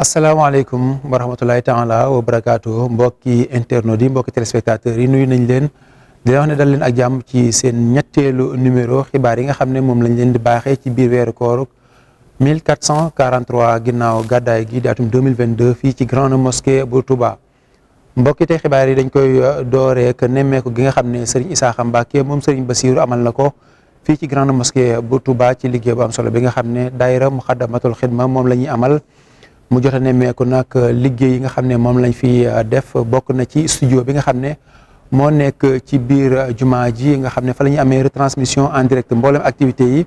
asalaamaaleykum wa rahmatulahi taala wa barakaatu mbokki internautes yi mbokki téléspectateurs yi nuyu nañ leen di wax ne dal leen ak jàmm ci seen ñetteelu numéro xibaar yi nga xam ne moom lañ leen di baaxee ci biir weeru koor 1443 ginnaaw gàddaay gi di atum 2022 fii ci grande mosquée bu Touba mbokkite xibaar yi dañ koy euh, dooree ak nemmeeku gi nga xam ne Serigne Issakha Mbacké moom Serigne Bassirou amal na ko fii ci grande mosquée bu Touba ci liggéey bu am solo bi nga xam ne daayira Muxaddamatul Xidma moom la ñuy amal mu jot nemmeeku nag euh, liggéey yi nga xam ne moom lañ fi euh, def bokk na ci studio bi nga xam ne moo nekk ci biir jumaa ji nga xam ne fa la ñuy amee retransmission en direct mboolem activités yi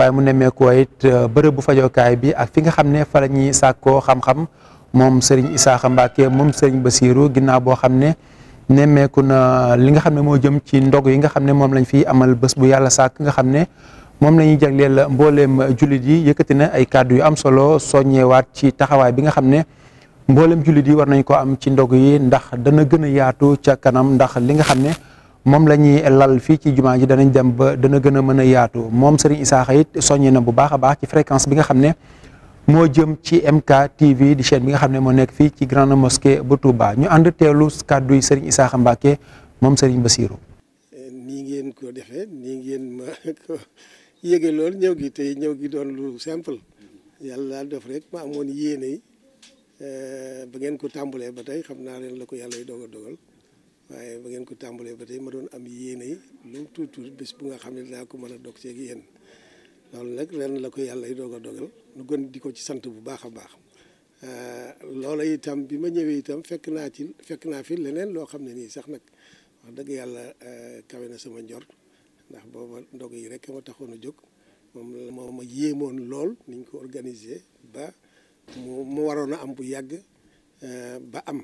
waaye mu nemmeekoo it euh, bërëb bu fajokaay bi ak fi nga xam ne fa la ñuy sàkkoo xam-xam moom Serigne Isaaxa Mbacke moom Serigne Basiru ginnaaw boo xam ne nemmeeku na li nga xam ne moo jëm ci ndog yi nga xam ne moom lañ fiy amal bés bu yàlla sàkk nga xam ne moom la ñuy jagleel mbooleem jullit yi yëkkati na ay kàddu yu am solo soññewaat ci taxawaay bi nga xam ne mbooleem jullit yi war nañ ko am ci ndog yi ndax dana gën yaatu ca kanam ndax li nga xam ne moom la ñuy lal fii ci jumaa ji danañ dem ba dana gën a mën a yaatu moom Serigne Isaaxa it soññi na bu baax a baax ci fréquence bi nga xam ne moo jëm ci MK TV di chaîne bi nga xam ne moo nekk fii ci grande mosquée bu Touba ñu ànd teelu kàddu yi Serigne Isaaxa Mbacke moom Serigne Bassirou. nii ngeen ko defee nii ngeen ma ko lool ñëw gi tey ñëw gi doon lu simple yàlla def rek ma amoon yéene eh, ba ngeen ko tàmbalee ba tey xam naa leen la ko yàlla dogal dogal. waaye ba ngeen ko tàmbalee ba tey ma doon am yéene yi lu mu tuut tuut bu nga xam ne dinaa ko mën a dog seeg yéen loolu nag ren la ko yàlla yi doog a dogal nu gën di ko ci sant bu baax a baax euh, loola itam bi ma ñëwee itam fekk naa ci fekk naa fi leneen loo xam ne nii sax nag wax dëgg yàlla euh, kawe na sama njor ndax booba ndog yi rek ma taxoon a jóg moom moo ma yéemoon lool niñ ko organiser ba mu mu waroon a am bu yàgg euh, ba am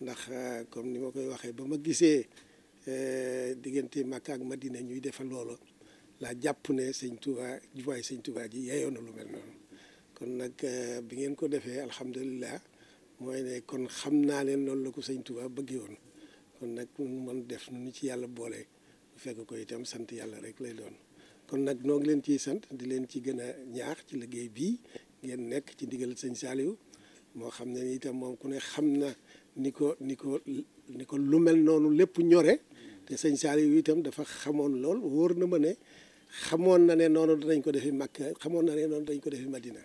ndax euh, comme ni ma koy waxee ba ma gisee euh, diggante Makka ak dina ñuy defal loolu laa jàpp ne sëñ Touba jubaay sëñ Touba ji yeyoon lu mel noonu kon nag euh, bi ngeen ko defee alhamdulilah mooy ne kon xam naa leen loolu la ko sëñ Touba bëggee woon kon nag mën def nu ci yàlla boole bu fekk ko itam sant yàlla rek lay doon kon nag noo ngi leen ciy sant di leen ci gën a ñaax ci liggéey bii ngeen nekk ci ndigal sëñ Saliou moo xam ne itam moom ku ne xam na. ni ko ni ko ni ko lu mel noonu lépp ñore te sëñ Saliou itam dafa xamoon lool wóor na ma ne xamoon na ne noonu danañ ko def defi makk xamoon na ne noonu dañ ko def defi Madina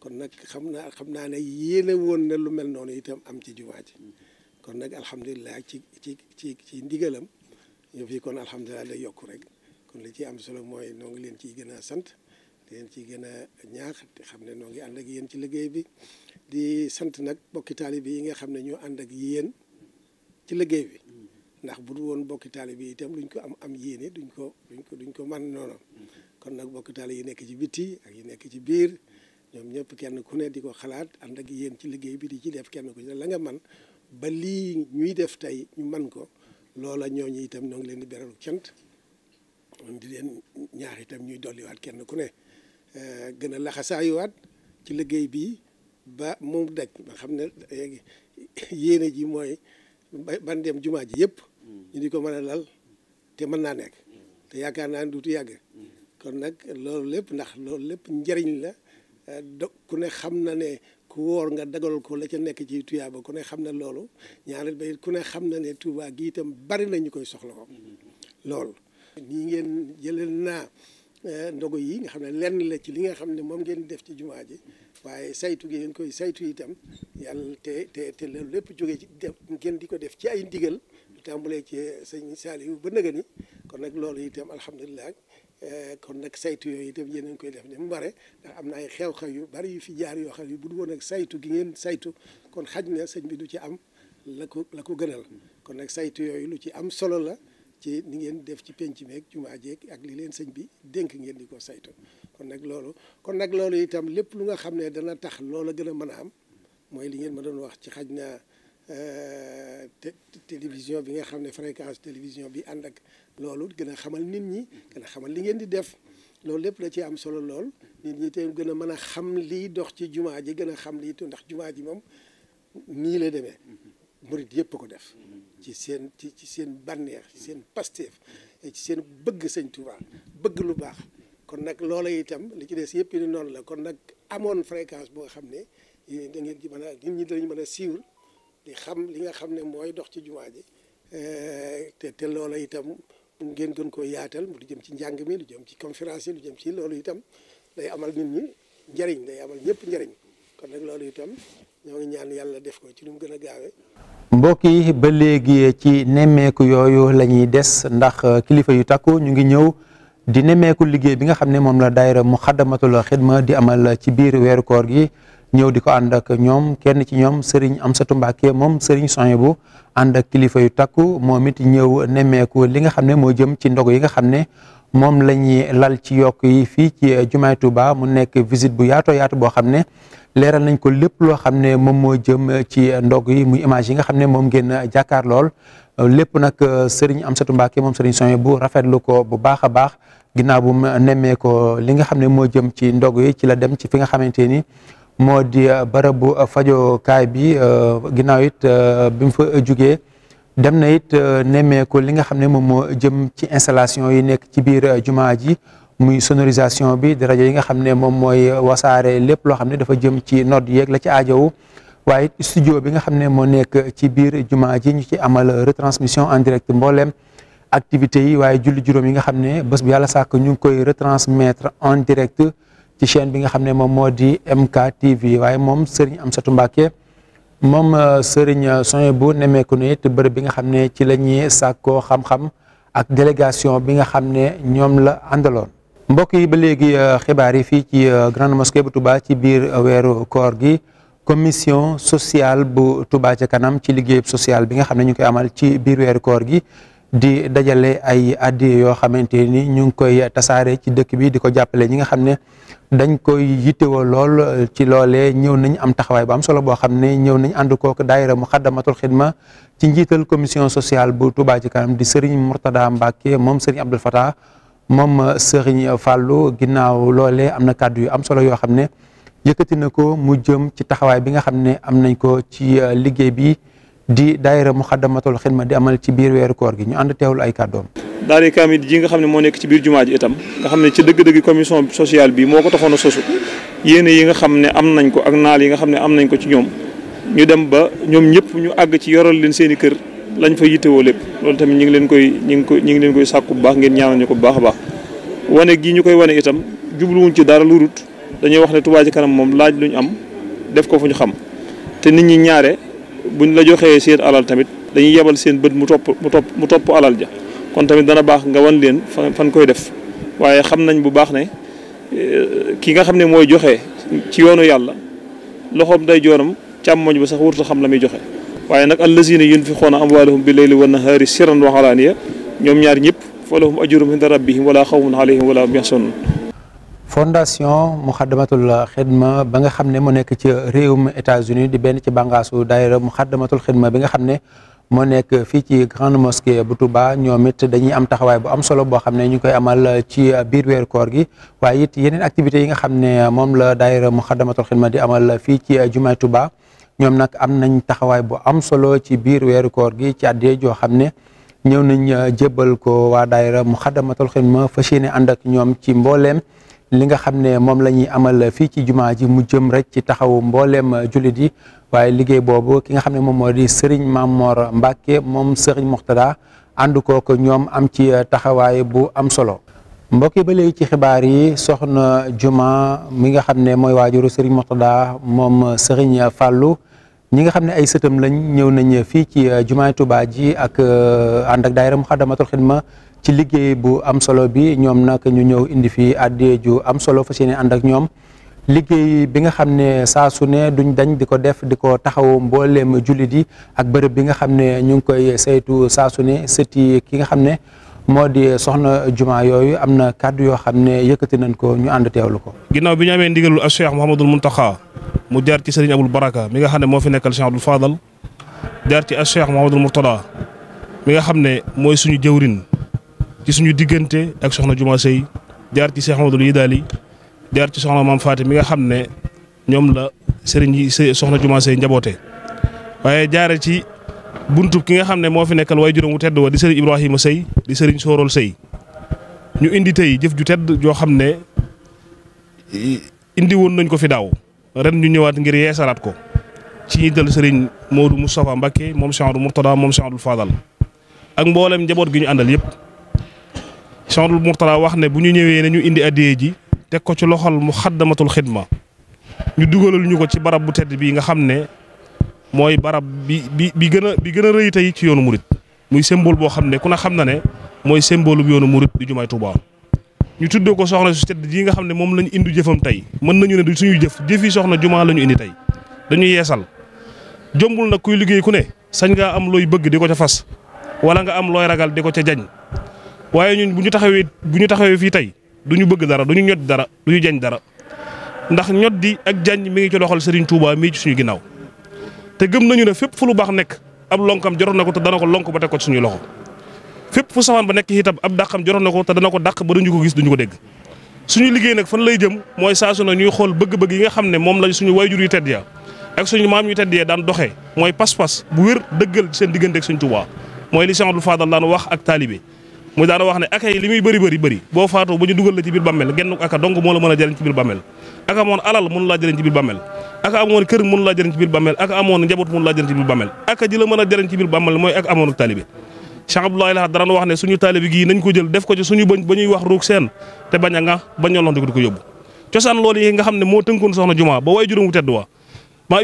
kon nag xam naa xam naa ne yéene woon na lu mel noonu itam am ci jumaa ji kon nag alhamdulilah ci ci ci ci ndigalam ñu fi kon alhamdulilah day yokku rek kon li ci am solo mooy noo ngi leen ciy gën a sant di leen ci gën a ñaax te xam ne noo ngi ànd ak yéen ci liggéey bi di sant nag bokki taalibe yi nga xam ne ñoo ànd ak yéen ci liggéey bi ndax bu du woon bokki taalibe yi itam luñ ko am am yéene duñ ko duñ ko duñ ko man noonu kon nag bokki taalibe yi nekk ci biti ak yi nekk ci biir ñoom ñëpp kenn ku ne di ko xalaat ànd ak yéen ci liggéey bi di ci def kenn ku ne la nga man ba lii ñuy def tey ñu man ko loola ñooñu itam ñoo ngi leen di beral cant di leen ñaax itam ñuy dolliwaat kenn ku ne Eh, gën a laxasaayuwaat ci liggéey bi ba moom daj ba xam ne yéene ji mooy ban dem jumaa ji yëpp ñu di ko mën a lal te mën naa nekk te yaakaar naa ni duutu yàgg kon nag loolu lépp ndax loolu lépp njariñ la eh, do ku ne xam na ne ku wóor nga dagal ko la ca nekk ci tuyaaba ku ne xam na loolu ñaareel ba ku ne xam na ne Tuubaa gi itam bari na ñu koy soxla ko loolu nii ngeen jëlal naa Euh, ndogo yi nga xam ne lenn la ci li nga xam ne moom ngeen def ci jumaa ji waaye saytu gi ngeen koy saytu itam yàlla te te te loolu lépp jóge ci def ngeen di ko def ci ay ndigal lu ci sëñ Saliou ba nëga kon nag loolu itam alhamdulilah euh, kon nag saytu yooyu itam yéen a koy def ni mu bare ndax am na ay xew-xew yu bari yu fi jaar yoo xam ne bu dul woon ak saytu gi ngeen saytu kon xaj na sëñ bi du ci am la ko la ko gënal kon nag saytu yooyu lu ci am solo la ci ni ngeen def ci penc meeg jumaa jeeg ak li leen sëñ bi dénk ngeen di ko saytu kon nag loolu kon nag loolu itam lépp lu nga xam ne dana tax loola gën a mën a am mooy li ngeen ma doon wax ci xaj na euh, télévision bi nga xam ne fréquence télévision bi ànd loolu gën a xamal nit ñi gën a xamal li ngeen di def loolu lépp la ci am solo lool nit ñi te gën a mën a xam liy dox ci jumaa ji gën a xam lii ndax jumaa ji moom nii la demee murit yëpp ko def ci seen ci ci seen bànneex ci seen pasteef ci seen bëgg sëñ Touba bëgg lu baax kon nag loola itam li ci des yëpp ni noonu la kon nag amoon fréquence boo xam ne da ngeen ci mën a nit ñi dañu mën a siiwul di xam li nga xam ne mooy dox ci jumaa ji euh, te te loola itam ngeen gën ko yaatal lu jëm ci njàng mi lu jëm ci conférence lu jëm ci loolu itam day amal nit ñi njariñ day amal ñëpp njariñ kon nag loolu itam ñoo ngi ñaan yàlla def ko ci lu mu gën a gaawee mbokk yi ba léegi ci nemmeeku yooyu lañuy des ndax kilifa yu takku ñu ngi ñëw di nemmeeku liggéey bi nga xam ne moom la daayira Muxaddamatul Xidma di amal ci biir weeru koor gi ñëw di ko ànd ak ñoom kenn ci ñoom Serigne Amsatou Mbacké moom Serigne bu ànd ak kilifa yu takku moom it ñëw nemmeeku li nga xam ne moo jëm ci ndog yi nga xam ne moom la ñuy lal ci yokk yi fii ci euh, jumaay Touba mu nekk visite bu yaatoo yaatu boo xam ne leeral nañ ko lépp loo xam ne moom moo jëm euh, ci ndog yi muy image yi nga xam ne moom ngeen euh, jàkkaar lool lépp nag Serigne Amsatou Mbacke moom Serigne Sonia bu rafetlu ko bu baax a baax ginnaaw bu mu ko li nga xam ne moo jëm ci ndog yi ci la dem ci fi nga xamante ni moo di bërëbu fajokaay bi ginnaaw it bi mu fa jugee. dem na it euh, nemmeeku li nga xam ne moom moo jëm ci installation yi nekk ci biir euh, jumaa ji muy sonorisation bi di rajo yi nga xam ne moom mooy euh, wasaare lépp loo xam ne dafa jëm ci not yeeg la ci aajowu waaye studio bi nga xam ne moo nekk ci biir juma ji ñu ci amal retransmission en direct mbooleem activités yi waaye julli juróom yi nga xam ne bés bu yàlla sàkk ñu ngi koy retransmettre en direct ci chaine bi nga xam ne moom moo di MK TV waaye moom Serigne Amsatou Mbacké moom euh, Serigne Souhaibou nemmeeku na it bërëb bi nga xam ne ci la ñuy sàkkoo xam-xam ak délégation bi nga xam ne ñoom la àndaloon. mbokk yi ba léegi euh, xibaar yi fii ci euh, grande mosquée bu Touba ci biir weeru koor gi commission sociale bu Touba ca kanam ci liggéeyub social bi nga xam ne ñu koy amal ci biir weeru koor gi. di dajale ay addiye yoo xamante ni ñu ngi koy tasaare ci dëkk bi di ko jàppale ñi nga xam ne dañ koy yittewoo lool ci loolee ñëw nañ am taxawaay bu am solo boo xam ne ñëw nañ ànd kook daayira mu xadda xaddamatul xidma ci njiital commission sociale bu Touba ci di Serigne Mourtada Mbacke moom Serigne Abdoul Fatah moom Serigne Fallou ginnaaw loolee am na kàddu yu am solo yoo xam ne yëkkati na ko mu jëm ci taxawaay bi nga xam ne am nañ ko ci liggéey bi. di daayira muxaddamatul xidma di amal ci biir weeru koor gi ñu ànd teewul ay kàddoom daare kaamil ji nga xam ne moo nekk ci biir jumaa ji itam nga xam ne ci dëgg-dëgg commission bi moo ko taxoon a sosu yéene yi nga xam ne am nañ ko ak naal yi nga xam ne am nañ ko ci ñoom ñu dem ba ñoom ñëpp ñu àgg ci yoral leen seen i kër lañ fa yittewoo lépp loolu tamit ñu ngi leen koy ñu ngi ko ñu ngi leen koy sàkku bu baax ngeen ñaanal ñu ko bu baax baax wane gii ñu koy wane itam jubluwuñ ci dara lu rut dañuy wax ne Touba Ca Kanam moom laaj luñ am def ko fu ñu xam te nit ñi ñaare buñ la joxee seen alal tamit dañuy yebal seen bët mu topp mu topp mu topp alal ja kon tamit dana baax nga wan leen fan fan koy def waaye xam nañ bu baax ne eh, ki nga xam ne mooy joxe ci yoonu yàlla loxoom day jooram càmmoñ ba sax warut a xam la muy joxe. waaye nag allazina yunfiquna amwaalahum bi layli wa nahaari sirran wa alaaniya ñoom ñaar ñëpp falahum ajruhum inda rabbihim wala xawfun alayhim wala hum yaxzanun fondation muxaddamatul xidma ba nga xam ne mu nekk ci réewum États-Unis di benn ci bàngaasu daayira muxaddamatul xidma bi nga xam ne moo nekk fii ci grande mosquée bu Touba ñoom it dañuy am taxawaay bu am solo boo xam ne ñu koy amal ci biir weeru koor gi it yeneen activités yi nga xam ne moom la daayira muxaddamatul xidma di amal fii ci jumaay Touba ñoom nag am nañ taxawaay bu am solo ci biir weeru koor gi ci àddee joo xam ne ñëw nañ jébbal ko waa daayira muxaddamatul xidma fa yéene ànd ak ñoom ci mbooleem li nga xam ne moom la ñuy amal fii ci juma ji mu jëm rek ci taxaw mbooleem jullit yi waaye liggéey boobu ki nga xam ne moom moo di Serigne Mamor Mbacke moom Serigne Moxtada ànd kook ñoom am ci taxawaay bu am solo. mbokk yi ba léegi ci xibaar yi soxna Juma mi nga xam ne mooy waajuru Serigne Moxtada moom Serigne Fallou ñi nga xam ne ay sëtam lañ ñëw nañ fii ci jumaay Tuubaa ji ak euh, ànd ak daayira Muxaddamatul Xidma ci liggéey bu am solo bi ñoom nag ñu ñëw indi fi addiye am solo fa yéene ànd ak ñoom liggéey bi nga xam ne saa su ne duñ dañ di ko def di ko taxaw mbooleem jullit yi ak bërëb bi nga xam ne ñu ngi koy saytu saa su ne sëti ki nga xam ne moo di soxna juma yooyu am na kàddu yoo xam ne yëkkati nañ ko ñu ànd teewlu ko. ginnaaw bi ñu amee ndigalul ak Cheikh Mouhamadul Mountakha mu jaar ci sëriñ Abul Baraka mi nga xam ne moo fi nekkal Cheikh Abdoul Fadal jaar ci ak Cheikh Mouhamadul mi nga xam ne mooy suñu jëwrin ci suñu diggante ak soxna Juma Sëy jaar ci Cheikh Amadou Yidali jaar ci soxna Maam Faati mi nga xam ne ñoom la sëriñ yi soxna Juma Sëy njaboote waaye jaare ci buntu ki nga xam ne moo fi nekkal way juróom wu tedd wa di sëriñ Ibrahima Sëy di sëriñ Soorol Sëy ñu indi tey jëf ju tedd joo xam ne indi woon nañ ko fi daaw ren ñu ñëwaat ngir yeesalaat ko ci ñu njiital sëriñ Modou Moustapha Mbacké moom Cheikh Mourtada moom Cheikh Fadal ak mboolem njaboot gi ñu àndal yëpp. Cheikhul Mourtala wax ne bu ñu ñëwee nañu indi addiyee ji teg ko ci loxol mu xaddamatul xidma ñu dugalal ñu ko ci barab bu tedd bii nga xam ne mooy barab bi bi bi gën a bi gën a rëy tey ci yoonu murit muy symbole boo xam ne ku ne xam na ne mooy symbole yoonu murit di jumaay Tuubaa ñu tuddee ko soxna su tedd jii nga xam ne moom lañ indi jëfam tey mën nañu ne du suñu jëf jëfi soxna jumaa la ñu indi tey dañu yeesal jombul nag kuy liggéey ku ne sañ ngaa am looy bëgg di ko ca fas wala nga am looy ragal di ko ca jañ waaye ñun bu ñu taxawee bu ñu taxawee fii tey du ñu bëgg dara du ñu ñot dara du ñu jañ dara ndax ñot di ak jañ mi ngi ci loxol Serigne Touba mii ci suñu ginnaaw te gëm nañu ne fépp fu lu baax nekk ab lonkam joroon na ko te dana ko lonk ba teg ko suñu loxo fépp fu safaan ba nekk itam ab dàqam joroon na ko te dana ko daq ba duñu ko gis duñu ko dégg suñu liggéey nag fan lay jëm mooy saa su ñuy xool bëgg-bëgg yi nga xam ne moom lañ suñu wayjur yu tedd ya ak daan doxee mooy pas-pas bu wér dëggal seen diggante ak Serigne Touba mooy li Cheikh Abdou Fadal wax ak taalibe mu daana wax ne aka yi li muy bëri bëri bëri boo faatoo ba ñu dugal la ci biir bàmmeel genn aka dong moo la mën a jëriñ ci biir bàmmeel aka amoon alal mënu laa jëriñ ci biir bàmmeel aka amoon kër mënu laa jëriñ ci biir bàmmeel aka amoon njaboot mënu laa jëriñ ci biir bàmmeel aka ji la mën a jëriñ ci biir bàmmeel mooy ak amoon taalibe Cheikh Abdoulaye Lahad daan wax ne suñu taalibe gii nañ ko jël def ko ci suñu bëñ ba ñuy wax ruug seen te bañ a nga bañoo ko yóbbu cosaan loolu yi nga xam ne moo tënkoon soxna juma ba way juróom wu tedd wa maa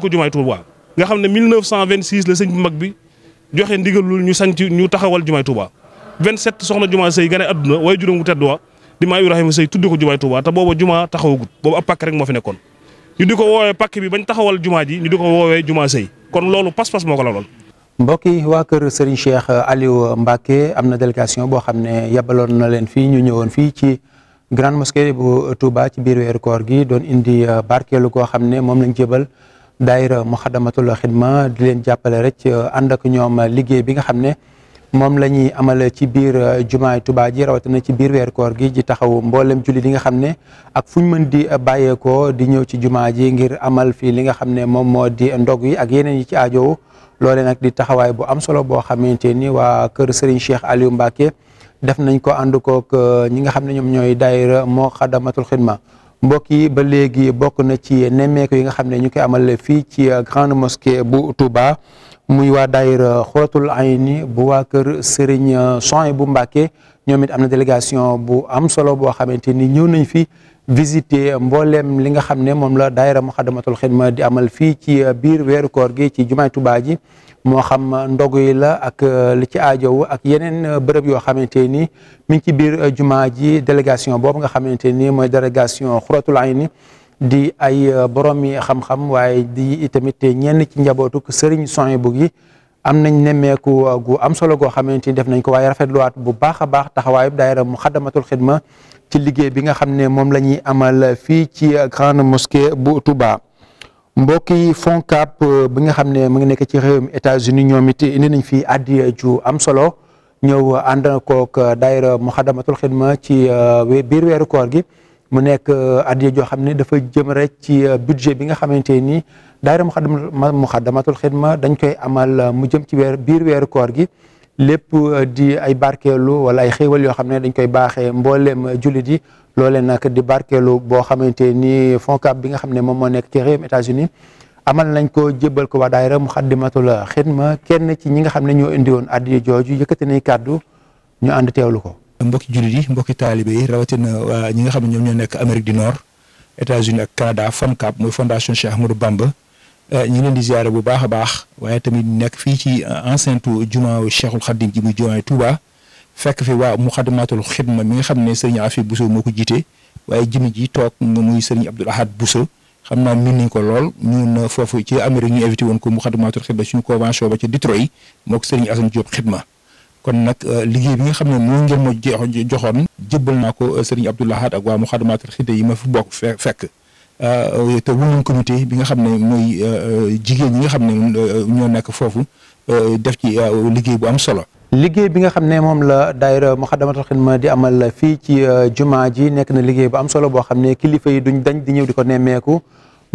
ko jumaay Touba nga xam ne 1926 la sëñ bu mag bi joxe ndigalul ñu sanc ñu taxawal jumaay Touba 27 soxna jumaa sëy gane adduna waaye juróom wu tedd wa di maam Ibrahima sëy tuddi ko jumaay Touba te booba jumaa taxawagut boobu ab pàkk rek moo fi nekkoon ñu di ko woowee pàkk bi bañ taxawal jumaa ji ñu di ko woowee jumaa kon loolu pas-pas moo ko mbokk yi waa kër Serigne Cheikh Aliou Mbacke am na délégation boo xam ne yebaloon na leen fii ñu ñëwoon fii ci grand mosquée bu Touba ci biir weer koor gi doon indi euh, barkeelu goo xam ne moom lañ jébal daayira Muxaddamatul Xidma di leen jàppale rek euh, ànd ak ñoom liggéey bi nga xam ne moom la ñuy amale ci biir euh, jumaay Tuubaa ji rawatina ci biir weer gi ji taxaw mboolem julli li nga xam ne ak fu ñu mën di bàyyeekoo di ñëw ci jumaa ji ngir amal fii li nga xam ne moom moo di ndog yi ak yeneen yi ci aajow loole nag di taxawaay bu am solo boo xamante ni waa kër Serigne Cheikh Aliou mbake def nañ ko ànd kook euh, ñi nga xam ne ñoom ñooy daayira moo xadamatul xidma mbokk yi ba léegi bokk na ci nemmeeku yi nga xam ne ñu koy amale fii ci euh, grande mosquée bu Touba muy waa daayira xuratul ayni bu waa kër Serigne euh, Soin bu mbake ñoom it am na délégation bu am solo boo xamante ni ñëw nañ fi visiter mbooleem li nga xam ne moom la daayira muxadamatul xidma di amal fii ci euh, biir weeru koor gi ci jumaay Tuubaa ji moo xam ndog yi la ak euh, li ci aajow ak yeneen bërëb yoo xamante ni mi ci biir jumaa ji délégation boobu nga xamante ni mooy délégation xuratul ayni di ay euh, borom yi xam-xam waaye di itamit ñenn ci njabootu sëriñ son bu gi am nañ nemmeeku euh, gu am solo goo xamante ni def nañ ko waaye rafetluwaat bu baax a baax taxawaayu daayira mu xaddamatul xidma ci liggéey bi nga xam ne moom la ñuy amal fii ci euh, grand mosquée bu Touba. mbokk yi Foncap bi nga xam ne mu ngi nekk ci réewum États-Unis ñoom indi nañ fi addiya ju am solo ñëw ànd kook daayira mu xaddamatul xidma ci biir weeru koor gi. mu nekk euh, addiya joo xam ne dafa jëm rek ci euh, budget bi nga xamante ni daayira Muxaddamatul Xidma dañ koy amal euh, mu jëm ci weer biir weeru koor gi lépp di ay barkeelu wala ay xéewal yoo xam ne dañ koy baaxee mbooleem jullit yi loolee nag di barkeelu boo xamante ni FONCAB bi nga xam ne moom moo nekk ci réewum États-Unis amal nañ ko jëbal ko waa daayira Muxaddamatul Xidma kenn ci ñi nga xam ne ñoo indi woon addiya jooju yëkkati nay kàddu ñu ànd teewlu ko mbokki jullit yi mbokki taalibe yi rawatina waa ñi nga xam ne ñoom ñoo nekk Amérique du Nord États-Unis ak Canada FONCAB mooy fondation Cheikh Ahmadou Bamba euh, ñu ngi leen di ziare bu baax a baax waaye tamit nekk fii ci euh, enceinte jumaa Cheikhul Khadim ji muy jumaa Touba fekk fi waa Muxaddamatul Xidma mi nga xam ne sëriñ Afi Bousso moo ko jiite waaye jëmi ji toog muy sëriñ Abdoul Ahad Bousso xam naa min nañ ko lool ñun foofu ci Amérique ñu invité woon ko Muxaddamatul Xidma ba ca Detroit moo ko sëriñ kon nag euh, liggéey bi nga xam ne moo ngeen ma joxoon jébbal naa ko euh, sëriñ Abdou Lahad ak waa Moukhaddamatoul Khidma yi ma fi bokk fe fekk euh, te wuñu bi nga xam ne mooy jigéen ñi nga xam ne ñoo nekk foofu def ci liggéey bu am solo. liggéey bi nga xam ne moom la daayira Moukhaddamatoul Khidma di amal fii ci jumaa ji nekk na liggéey bu am solo boo xam ne kilifa yi duñ dañ di ñëw di ko nemmeeku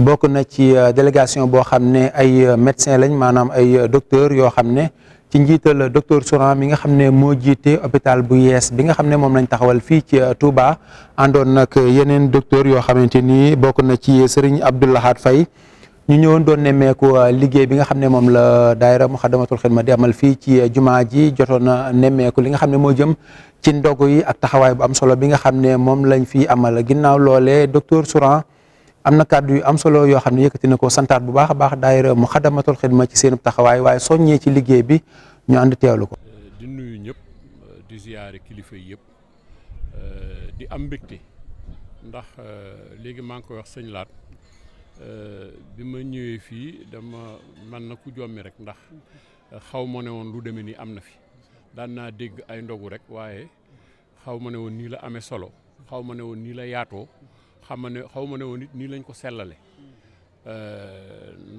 bokk na ci délégation boo xam ne ay médecins lañ maanaam ay docteurs yoo xam ne. ci njiital docteur Souran mi nga xam ne moo jiite hôpital bu yees bi nga xam ne moom lañ taxawal fii ci euh, Touba àndoon nag yeneen docteur yoo xamante ni bokk na ci Serigne Abdou Lahad fay ñu ñëwoon doon nemmeeku euh, liggéey bi nga xam ne moom la daayira Muxaddamatul Xidma di amal fii ci euh, jumaa ji jotoon na nemmeeku li nga xam ne moo jëm ci ndogu yi ak taxawaay bu am solo bi nga xam ne moom lañ fi amal ginnaaw loolee docteur Souran am na kàddu yu am solo yoo xam ne yëkkati na ko santaat bu baax a baax daayira mu xadamatul ma ci seen taxawaay waaye soññee ci liggéey bi ñu ànd teewlu ko. Euh, di nuyu ñëpp euh, di ziyaare kilifa yëpp euh, di am mbégte ndax léegi maa ngi koy wax sëñ bi ma ñëwee fii dama man na ku jommi rek ndax xaw ma ne woon lu deme nii am na fi daan naa dégg ay ndogu rek waaye xaw ma ne woon nii la amee solo xaw ma ne woon nii la yaatoo. xam ne xaw ma ne woon it nii lañ ko sellale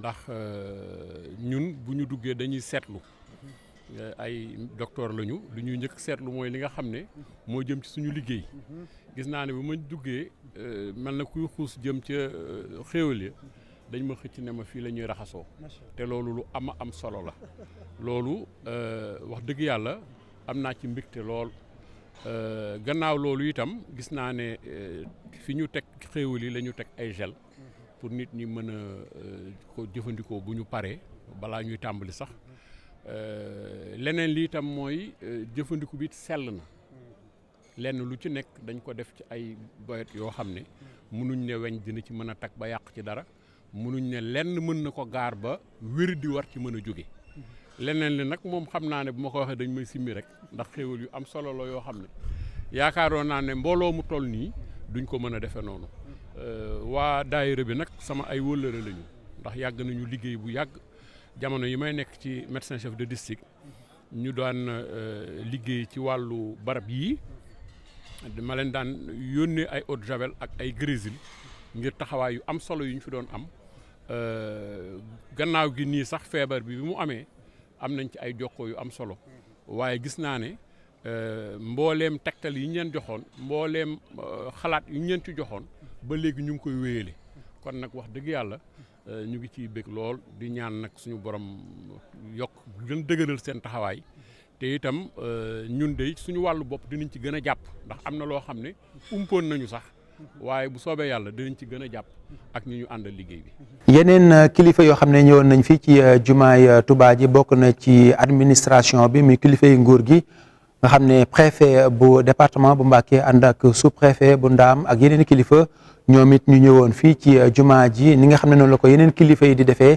ndax euh, ñun bu ñu duggee dañuy seetlu euh, ay docteur lañu lu ñuy njëkk seetlu mooy li nga xam ne moo jëm ci suñu liggéey gis naa ne bi ma duggee euh, mel na kuy xuus jëm ca xéewal ya dañ ma xëcc ne ma fii la ñuy raxasoo te loolu lu ama am solo la loolu wax dëgg yàlla am naa ci mbégte lool Euh, gannaaw loolu itam gis naa ne euh, fi ñu teg xéewal yi la ñu teg ay gel pour nit ñi mën a euh, ko jëfandikoo bu ñu paree balaa ñuy tàmbali sax leneen li itam mooy jëfandiku bi sell na lenn lu ci nekk dañ ko def ci ay boyet yoo xam ne mënuñ ne weñ dina ci mën a tag ba yàq ci dara mënuñ ne lenn mën na ko gaar ba wér di war ci mën a jóge leneen li nag moom xam naa ne bu ma ko waxee dañ may simmi rek ndax xéewal yu am solo la yoo xam ne yaakaaroon naa ne mbooloo mu toll nii duñ ko mën a defee noonu euh, waa daayira bi nag sama ay wëllëre lañu ndax yàgg nañu liggéey bu yàgg jamono yi may nekk ci médecin chef de district ñu daan euh, liggéey ci wàllu barab yii dama leen daan yónnee ay eau javel ak ay grésil ngir taxawaay yu am solo yu ñu fi doon am euh, gannaaw gi nii sax feebar bi bi mu amee am nañ ci ay jokkoo yu am solo waaye gis naa ne euh, mbooleem tegtal yi ñu leen joxoon mbooleem euh, xalaat yi ñu leen ci joxoon ba léegi ñu ngi koy wéyale kon nag wax dëgg yàlla euh, ñu ngi ciy bég lool di ñaan nag suñu borom yokk gën dëgëral seen taxawaay te itam ñun de suñu wàllu bopp dinañ ci gën a jàpp ndax am na loo xam ne umpoon nañu sax waaye bu soobee yàlla dinañ ci gën a jàpp ak ñu ñu àndal liggéey bi. yeneen euh, kilifa yoo xam ne ñëwoon nañ fii ci euh, jumaay euh, Touba ji bokk na ci administration bi muy kilifa yi nguur gi nga xam ne préfet bu département bu Mbacké ànd ak sous bu Ndaam ak yeneen kilifa. ñoom it ñu ñëwoon fii ci jumaa ji ni nga xam ne noonu la ko yeneen kilifa yi di defee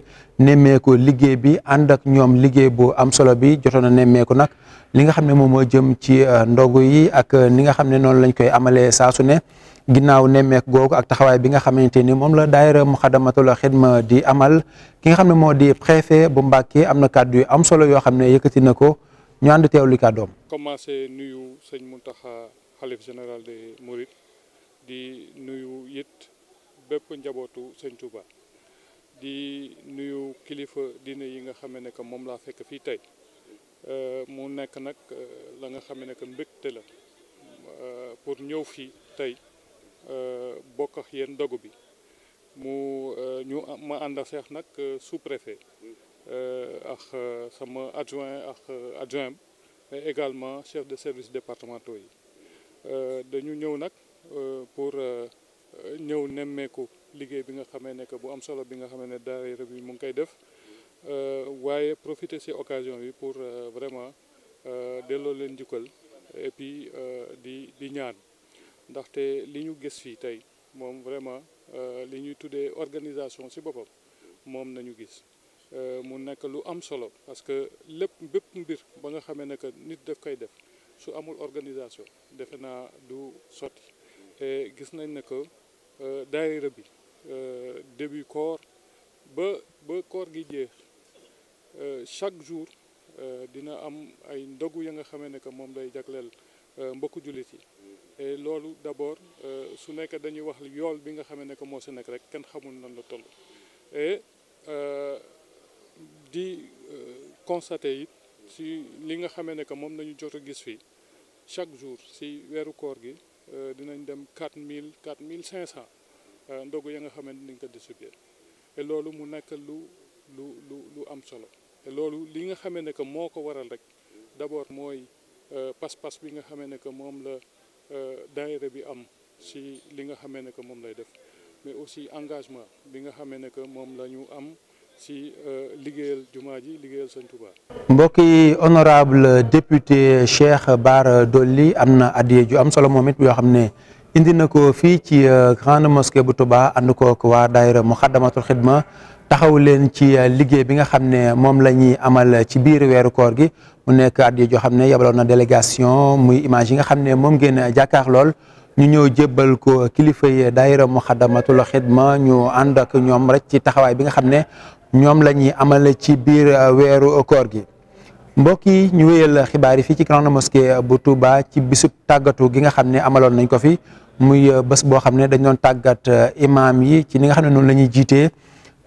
nemmeeku liggéey bi ànd ak ñoom liggéey bu am solo bi jotoon na nemmeeku nag li nga xam ne moom moo jëm ci ndogu yi ak ni nga xam ne noonu lañ koy amalee saasu ne ginnaaw nemmeek googu ak taxawaay bi nga xamante ni moom la daayira Muxaddamatul Xidma di amal ki nga xam ne moo di préfet bu Mbàkke am na kàddu yu am solo yoo xam ne yëkkati na ko ñu ànd teewlu kàddoom. commencé nuyu sëñ tax xalif général des Mourides di nuyu it bépp njabootu sëñ Touba di nuyu kilifa diine yi nga xam ne que moom laa fekk fii tey euh, mu nekk nag euh, la nga xam ne que mbégte la euh, pour ñëw fii tey. Euh, bokk ak yéen ndogu bi mu euh, ñu ma ànd a seex nag euh, sous-préfet ak sama adjoint ak adjoint mais également chef de service départementaux yi dañu ñëw nag pour ñëw nemmeeku liggéey bi nga xamee ne que bu am solo bi nga xamee ne daayira bi mu ngi koy def waaye profiter ci occasion bi pour vraiment delloo leen njukkal et puis di di ñaan ndaxte li ñu gis fii tey moom vraiment euh, li ñuy tuddee organisation ci boppam moom na ñu gis euh, mu nekk lu am solo parce que lépp bépp mbir ba nga xamee ne que nit daf koy def su amul organisation defe naa du sotti gis nañ ne que euh, daayira bi début koor ba ba koor gi jeex chaque jour dina am ay ndogu ya nga xamee ne que moom day jagleel mbokku jullit yi et loolu d' abord euh, su nekk dañuy wax yool bi nga xamee ne que moo si nekk rek kenn xamul nan la toll et euh, di euh, constater it si li nga xamee ne que moom nañu jot a gis fii chaque jour si weeru koor gi dinañ dem quatre mille quatre mille cinq cent ndogu ya nga xamee ni dañ ko distribuer loolu mu nekk lu lu lu lu am solo te loolu li nga xamee ne que moo ko waral rek d' abord mooy pas-pas bi nga xamee ne que moom la. Euh, daayira bi am si li nga xamee ne que moom lay def mais aussi engagement bi nga xamee ne que moom la ñu am si euh, liggéeyal jumaa ji liggéeyal Sëñ Tuubaa mbokk yi honorable député Cheikh Bara Dolly am na addiye ju am solo moom it yoo xam ne indi na ko fii ci euh, grande mosquée bu Touba ànd kook waa daayira Muxaddamatul Xidma taxaw leen ci euh, liggéey bi nga xam ne moom la ñuy amal ci biir weeru koor gi mu nekk at yi xam ne yabaloon na délégation muy image yi nga xam ne moom ngeen jàkkaar lool ñu ñëw jébbal ko kilifa yi mu Muxaddamatul Xidma ñu ànd ak ñoom rek ci taxawaay bi nga xam ne ñoom lañuy ñuy amal ci biir euh, weeru koor gi mbokk yi ñu wéyal xibaar yi fii ci grande mosquée bu Touba ci bisub tàggatu gi nga xam ne amaloon nañ ko fi muy euh, bés boo xam ne dañ doon tàggat imaam yi ci ni nga xam ne noonu la ñuy jiitee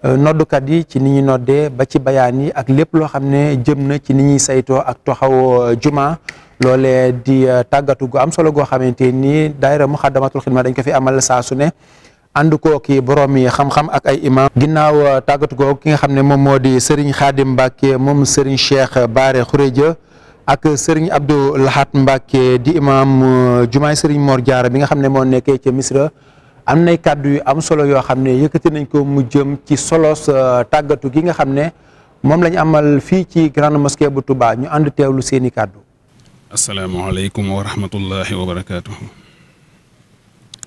Euh, noddukat yi ci ni ñuy noddee ba ci bayaan yi ak lépp loo xam ne jëm na ci ni ñuy saytoo ak toxaw euh, juma loole di euh, tàggatu gu am solo goo xamante ni daayira Muxaddamatul Xidma dañ ko fi amal saa su ne ànd koo ki borom yi xam-xam ak ay imam ginnaaw tàggatu goo ki nga xam ne moom moo di Serigne Khadim Mbacke moom Serigne Cheikh Baare Khourédia ak sëriñ Abdou Lahat Mbacke di imam jumaay Serigne moor Diarra bi nga xam ne moo nekkee ci Misra. am nay kàddu yu am solo yoo xam ne yëkkati nañ ko mu jëm ci solo solos euh, tàggatu gi nga xam ne moom lañu amal fii ci grande mosquée bu Touba ñu ànd teewlu seeni kàddu asalaamaaleykum wa rahmatullahi wa barakaatu.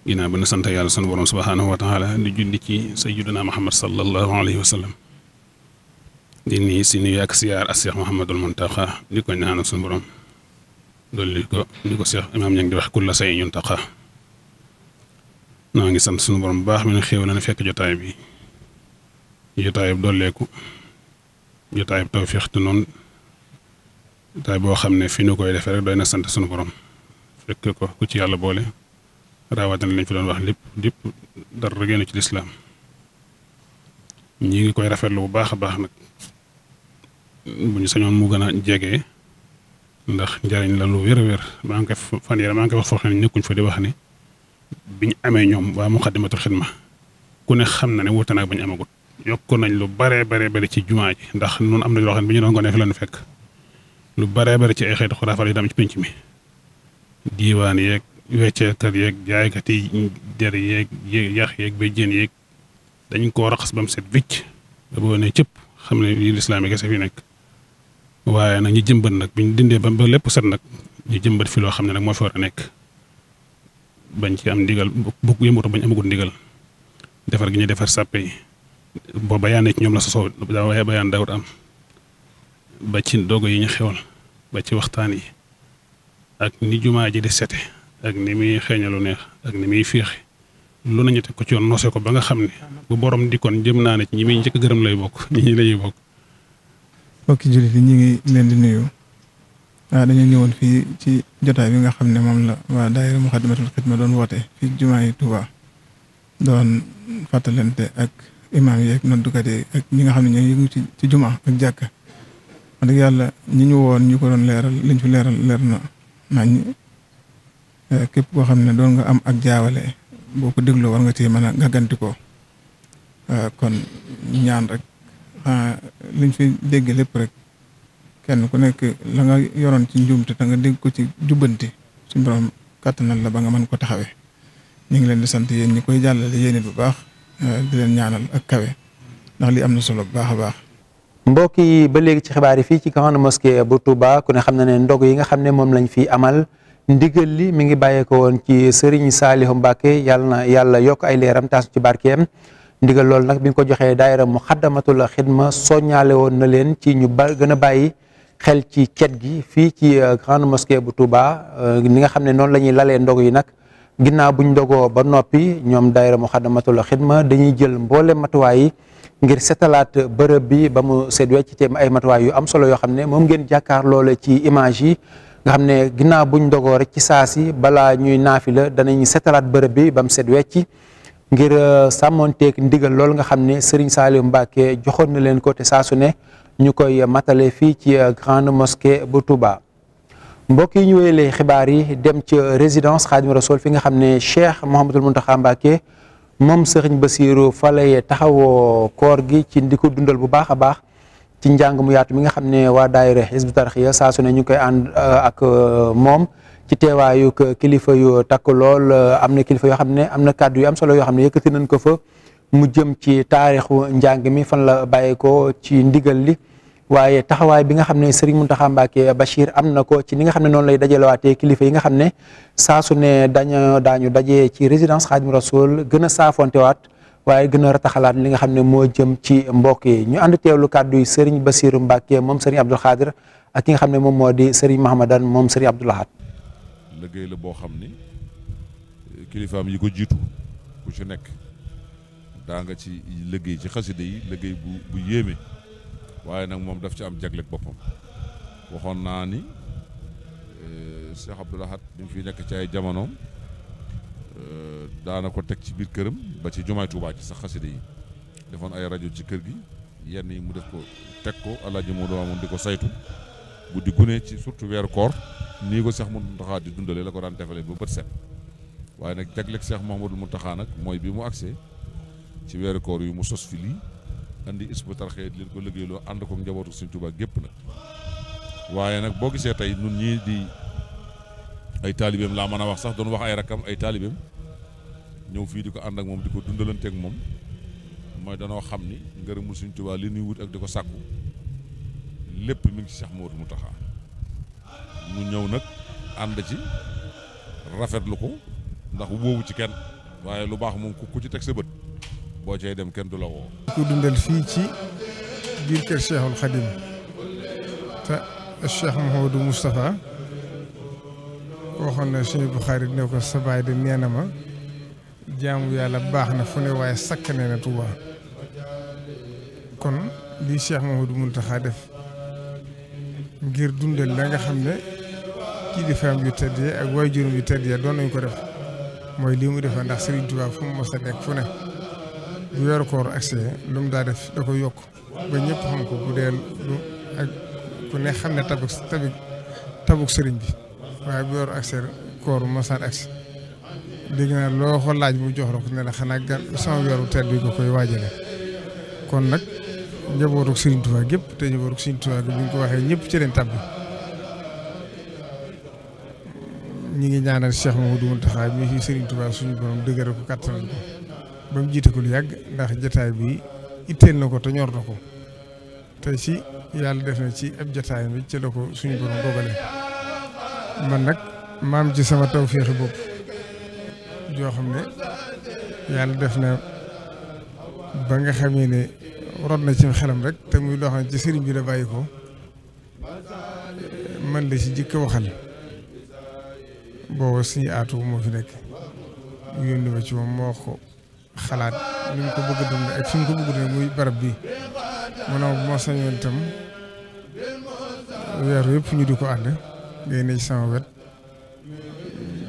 ginnaaw ba na sant yàlla sunu borom subhaanahu wa ni di julli ci sayyidina Muhammad sallallahu alayhi wa sallam di nii si nuyu ak siyaar ak Cheikh Mouhamadul Muntaqa di ko ñaanal sunu borom dolli ko ni ko Cheikh Imaam ña ngi di wax kulla say ñuntaqa noo ngi sant sunu borom bu baax mi ne xéew na ne fekk jotaay bi jotaay bu dolleeku jotaay bu tawféex te noonu jotaay boo xam ne fi ñu koy deferee rek doy na sant sunu borom fekk ko ku ci yàlla boole rawatina lañ fi doon wax lépp lépp dara génn ci lislaam ñi ngi koy rafetlu bu baax a baax nag bu ñu sañoon mu gën a jege ndax njariñ la lu wér-wér maa ngi koy fan yéen maa ngi koy wax foo xam nekkuñ fa di wax ni. bi ñu amee ñoom waa Muxaddamatul Xidma ku ne xam na ne wuute nag ba ñu amagut yokk nañ lu baree baree bari ci jumaa ji ndax noonu am na loo xam ne bi ñu doon gonee fi leen fekk lu baree bari ci ay xeetu xuraafaat yi dam ci pénc mi diiwaan yeeg wecceekat yeeg jaaykat yi der yeeg yax yeeg béjjén yeeg dañ ko raxas ba mu set wicc da boo ne cëpp xam ne lii lislaam yi kese fi nekk waaye nag ñu jëmbat nag bi ñu dindee ba lépp set nag ñu jëmbat fi loo xam ne nag moo fi war a nekk bañ ci am ndigal bu yëngatu bañ amagul ndigal defar gi ñu defar sàppe yi boo bayaanee ci ñoom la sosoo daa waaye bayaan daawut am ba ci dogo yi ñu xewal ba ci waxtaan yi ak ni jumaa ji di sete ak ni muy xeeñalu neex ak ni muy féexe lu nañu teg ko ci yoon noose ko ba nga xam ne bu borom dikkoon jëm naa ne ci ñi muy njëkk gërëm lay bokk ñi lay bokk ñu ngi leen waaw ah, dañoo ñëwoon fii ci jotaay bi nga xam ne moom la waa daayira Muxaddamatul Xidma doon woote fii jumaa yi Tuubaa doon fàttalante ak imaam yi ak noddukat yi ak ñi nga xam ne ñoo yëngu ci ci jumaa ak jàkka wax dëgg yàlla ñi ñu woon ñu ko doon leeral liñ fi leeral leer na nañ eh, képp koo xam ne doon nga am ak jaawale boo ko dégloo war nga ci mën a gàgganti eh, kon ñaan rek ah, liñ fi dégg lépp rek kenn ku nekk la nga yoroon ci njuumte te nga dégg ko ci jubbanti suñu borom kàttanal la ba nga mën ko taxawee ñu ngi leen di sant yéen ñi koy jàllale yéen bu baax eh, di leen ñaanal ak kawe ndax li am na solo bu baax a baax. mbokk yi ba léegi ci xibaar yi fii ci grande mosquée bu Touba ku ne xam na ne ndog yi nga xam ne moom lañ fi amal ndigal li mi ngi bàyyeeko woon ci Serigne Saliou Mbacke yàlla na yàlla yokk ay leeram taasu ci barkeem ndigal loolu nag bi nga ko joxee daayira mu xaddamatul xidma soññaale woon na leen ci ñu ba gën a xel ci cet gi fii ci euh, grande mosquée bu Touba euh, ni nga xam ne noonu la ñuy lalee ndog yi nag ginnaaw buñ ndogoo ba noppi ñoom daayira Muxaddamatul Xidma dañuy jël mboole matuwaay yi ngir setalaat bërëb bi ba mu seet wecc te ay matuwaay yu am solo yoo xam ne moom ngeen jàkkaar loole ci image yi nga xam ne ginnaaw buñ ndogoo rek ci saa si balaa ñuy naafi la danañ setalaat bërëb bi ba mu seet wecc ngir euh, sàmmoonteeg ndigal loolu nga xam ne Serigne Saliou mbaake joxoon na leen ko te saa su ne ñu koy matale fii ci euh, grande mosquée bu Touba. mbokk yi ñu wéyalee xibaar yi dem ci résidence Xaadimu Rasuul fi nga xam ne Cheikh Mouhamadul Mountakha Mbacké moom sëriñ Bassirou fa lay taxawoo koor gi ci di ko dundal bu baax a baax ci njàng mu yaatu mi nga xam ne waa daayira Hizbut Tarqiyyah saa su ne ñu koy ànd euh, ak euh, moom ci teewaayu kilifa yu takk lool am na kilifa yoo xam ne am na kàddu yu am solo yoo xam ne yëkkati nañ ko fa mu jëm ci taarixu njàng mi fan la bàyyeekoo ci ndigal li waaye taxawaay bi nga xam ne Serigne Mountakha Mbacké Bachir am na ko ci ni nga xam ne noonu lay dajalewaatee kilifa yi nga xam ne saa su ne dañu daañu dajee ci résidence Khadim Rasoul gën a saafontewaat waaye gën a rataxalaat li nga xam ne moo jëm ci mbokk yi ñu ànd kàddu yi Serigne Bassirou Mbacké moom Serigne Abdoul Khadir ki nga xam ne moom moo di Serigne Mahamadan moom Serigne Abdoul Ahad liggéey la boo xam ni kilifaam yi ko jiitu ku ci nekk daa nga ci liggéey ci xasida yi liggéey bu yéeme waaye nag moom daf ci am jagleeg boppam waxoon naa ni e, Cheikh Abdoul Ahad bi mu fi nekk ci ay jamonoom e, daana ko teg ci biir këram ba ci jumaay Tuubaa ci sax xasida yi defoon ay rajo ci kër gi yenn yi mu def ko teg ko alaaji moo doon di ko saytu bu di gunee ci surtout weeru koor nii ko Cheikh Mountakha di dundalee la ko daan defalee ba bët set waaye nag jagleeg Cheikh mu taxaa nag mooy bi mu agsee ci weeru koor yu mu sos fi lii andi isbu tarxee di leen ko loo ànd ko njabootu Sëriñ Tuubaa gépp nag waaye nag boo gisee tey nun ñii di ay taalibeem laa mën a wax sax doon wax ay rakkam ay taalibeem ñëw fii di ko ànd ak moom di ko dundalanteeg moom mooy danoo xam ni ngërëmul Sëriñ Tuubaa li nuy wut ak di ko sàkku lépp mu ngi ci Seex mu Muntaxaa mu ñëw nag ànd ci rafetlu ko ndax wóowu ci kenn waaye lu baax moom ku ci teg sa bët boo cay dem kenn du la woo. ko dundal fii ci biir kër Cheikhul Khadim te Cheikh Mouhamadou Moustapha waxoon na suñu Buxaari ne ko sabaay baay de nee na ma jaamu yàlla baax na fu ne waaye sakkane na Tuuba kon lii Cheikh Mouhamadou Mountakha def ngir dundal la nga xam ne kilifaam yu tedd ak waajuram yu tedd doon nañ ko def mooy lii mu defee ndax Serigne Touba fu mu mos nekk fu ne. bu weeru koor accès lu mu daa def da ko yokk ba ñépp xam ko bu dee lu ak ku ne xam ne tabuk tabuk tabuk sëriñ bi waaye bu weeru accès koor loo ko laaj mu jox la ko ne la gan sama weeru teel bi koy waajale kon nag njabootu Sëriñ Tuubaa gépp te njabootu bi ñu ko waxee ñëpp ci leen tàbbi ñu ngi ñaanal Cheikh Mamadou Mountakha mi fi Sëriñ Tuubaa suñu borom dëgëral ko kattanal ko ba mu jiite ko lu yàgg ndax jataay bi itteel na ko te ñor na ko te ci yàlla def na ci ab jataay bi ci ko suñu borom dogale man nag maam ci sama tawféexi bopp joo xam ne yàlla def na ba nga xamee ne rod na ci xelam rek te muy loo ci sëriñ bi la bàyyi ko man la ci jëkk waxal booba suñu aatu moo fi nekk mu yónni ma ci moom moo wax ko xalaat ni mu ko bëgg a muy barab bi maanaam bu ma sañoon itam weer yëpp ñu di ko ànd ngay ne sama wet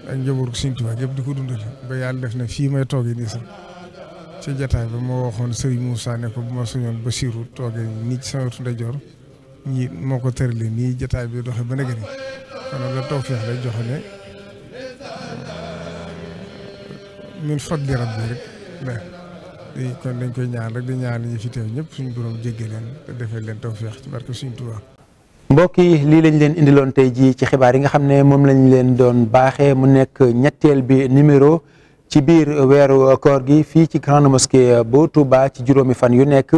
ak njabootu Sëriñ Tuubaa yëpp di ko dundal ba yàlla def na fii may toogee nii ci ba moo waxoon Serigne Moussa ne ko bu ma sañoon Basiiru toogee nii ci sama wetu ndeyjoor ñi moo ko tëralee nii jataay bi doxee ba nagani kon la tawfeex lay joxe rek di kon dañ koy ñaan rek di ñëpp suñu borom jégge leen te defee leen mbokk yi lii lañ leen indiloon tey jii ci xibaar yi nga xam ne moom lañ leen doon baaxee mu nekk ñetteel bi numéro ci biir weeru koor gi fii ci grande mosquée bu Touba ci juróomi fan yu nekk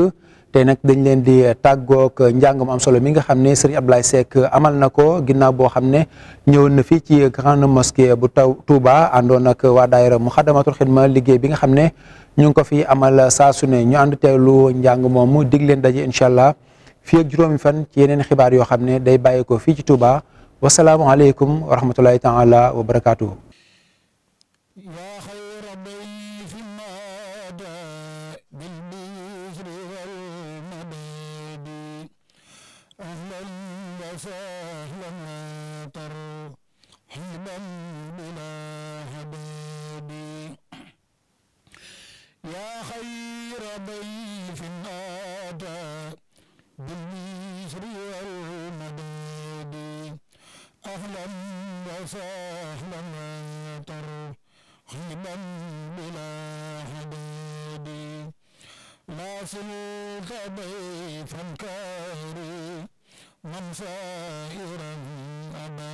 tey nag dañ leen di eh, tàggoog eh, njàng mu am solo mi nga xam ne Serigne Ablaye Seck eh, amal na ko ginnaaw boo xam ne ñëwoon na fii ci grande mosquée bu taw Touba àndoon ak waa daayira mu xadamatul xidma liggéey bi nga xam ne ñu ngi ko fi amal saa su ñu ànd teelu njàng moomu dig leen daje incha allah fii ak juróomi fan ci yeneen xibaar yoo xam ne day bàyyi ko fii ci Touba wasalaamualeykum wa rahmatulahi taala wa barakaatu. في الغبي فانكاري من فائرا أبابا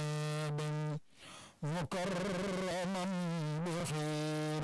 مكرما بخير